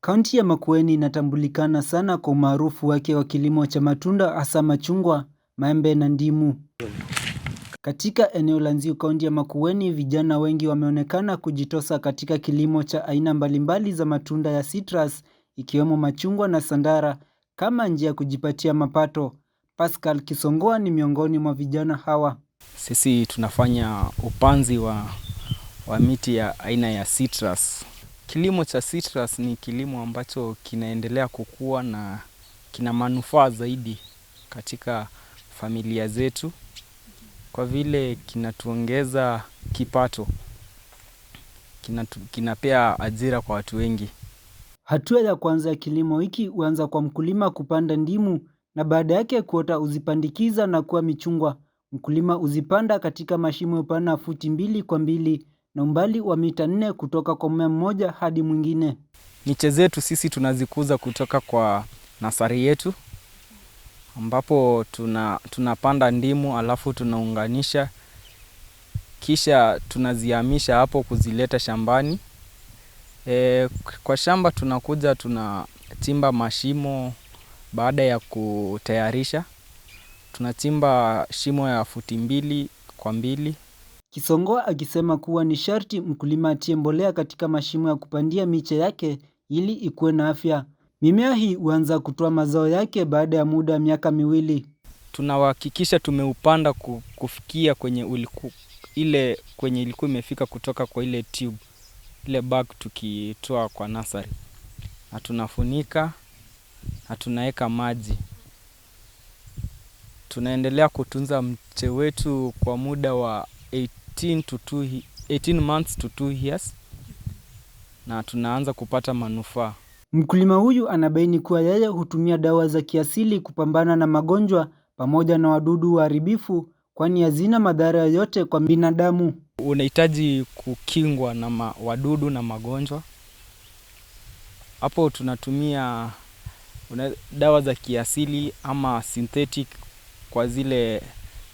Kaunti ya Makueni inatambulikana sana kwa umaarufu wake wa kilimo cha matunda hasa machungwa, maembe na ndimu. Katika eneo la Nzio, kaunti ya Makueni, vijana wengi wameonekana kujitosa katika kilimo cha aina mbalimbali za matunda ya citrus ikiwemo machungwa na sandara kama njia ya kujipatia mapato. Pascal Kisongoa ni miongoni mwa vijana hawa. Sisi tunafanya upanzi wa, wa miti ya aina ya citrus. Kilimo cha citrus ni kilimo ambacho kinaendelea kukua na kina manufaa zaidi katika familia zetu kwa vile kinatuongeza kipato, kinatu, kinapea ajira kwa watu wengi. Hatua ya kwanza ya kilimo hiki huanza kwa mkulima kupanda ndimu na baada yake kuota huzipandikiza na kuwa michungwa. Mkulima huzipanda katika mashimo upana futi mbili kwa mbili na umbali wa mita nne kutoka kwa mmea mmoja hadi mwingine. Miche zetu sisi tunazikuza kutoka kwa nasari yetu ambapo tuna, tunapanda ndimu alafu tunaunganisha kisha tunazihamisha hapo kuzileta shambani. E, kwa shamba tunakuja tunachimba mashimo baada ya kutayarisha, tunachimba shimo ya futi mbili kwa mbili. Kisongo akisema kuwa ni sharti mkulima atie mbolea katika mashimo ya kupandia miche yake ili ikuwe na afya. Mimea hii huanza kutoa mazao yake baada ya muda wa miaka miwili. Tunahakikisha tumeupanda kufikia kwenye uliku, ile kwenye ilikuwa imefika kutoka kwa ile tube ile bag tukitoa kwa nasari, na tunafunika na tunaweka maji. Tunaendelea kutunza mche wetu kwa muda wa 18 to 2, 18 months to 2 years na tunaanza kupata manufaa. Mkulima huyu anabaini kuwa yeye hutumia dawa za kiasili kupambana na magonjwa pamoja na wadudu waharibifu kwani hazina madhara yoyote kwa binadamu. Unahitaji kukingwa na wadudu na magonjwa, hapo tunatumia una dawa za kiasili ama synthetic kwa zile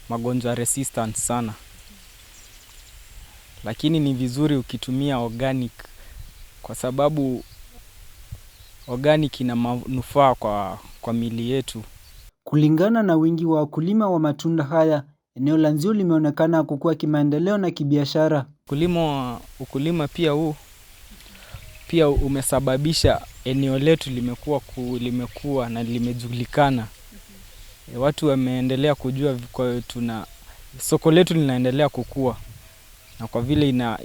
magonjwa resistant sana, lakini ni vizuri ukitumia organic kwa sababu organic ina manufaa kwa, kwa mili yetu. Kulingana na wingi wa wakulima wa matunda haya, eneo la Nzio limeonekana kukua kimaendeleo na kibiashara. Kulima ukulima pia huu pia umesababisha eneo letu limekuwa ku, limekuwa na limejulikana. -hmm. watu wameendelea kujua kwa tuna soko letu linaendelea kukua, na kwa vile inaleta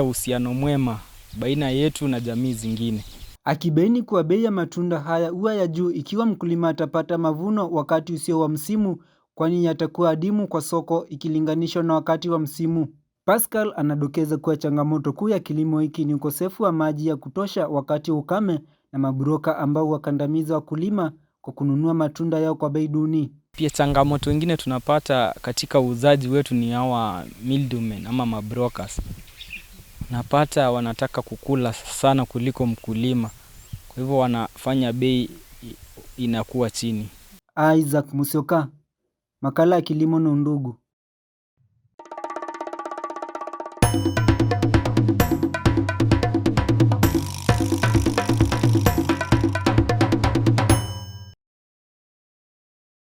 ina uhusiano mwema baina yetu na jamii zingine. Akibaini kuwa bei ya matunda haya huwa ya juu ikiwa mkulima atapata mavuno wakati usio wa msimu, kwani yatakuwa adimu kwa soko ikilinganishwa na wakati wa msimu. Pascal anadokeza kuwa changamoto kuu ya kilimo hiki ni ukosefu wa maji ya kutosha wakati ukame na maburoka ambao wakandamiza wakulima kwa kununua matunda yao kwa bei duni. Pia changamoto wengine tunapata katika uuzaji wetu ni hawa middlemen ama mabrokers. Napata wanataka kukula sana kuliko mkulima, kwa hivyo wanafanya bei inakuwa chini. Isaac Musioka, makala ya kilimo na Undugu.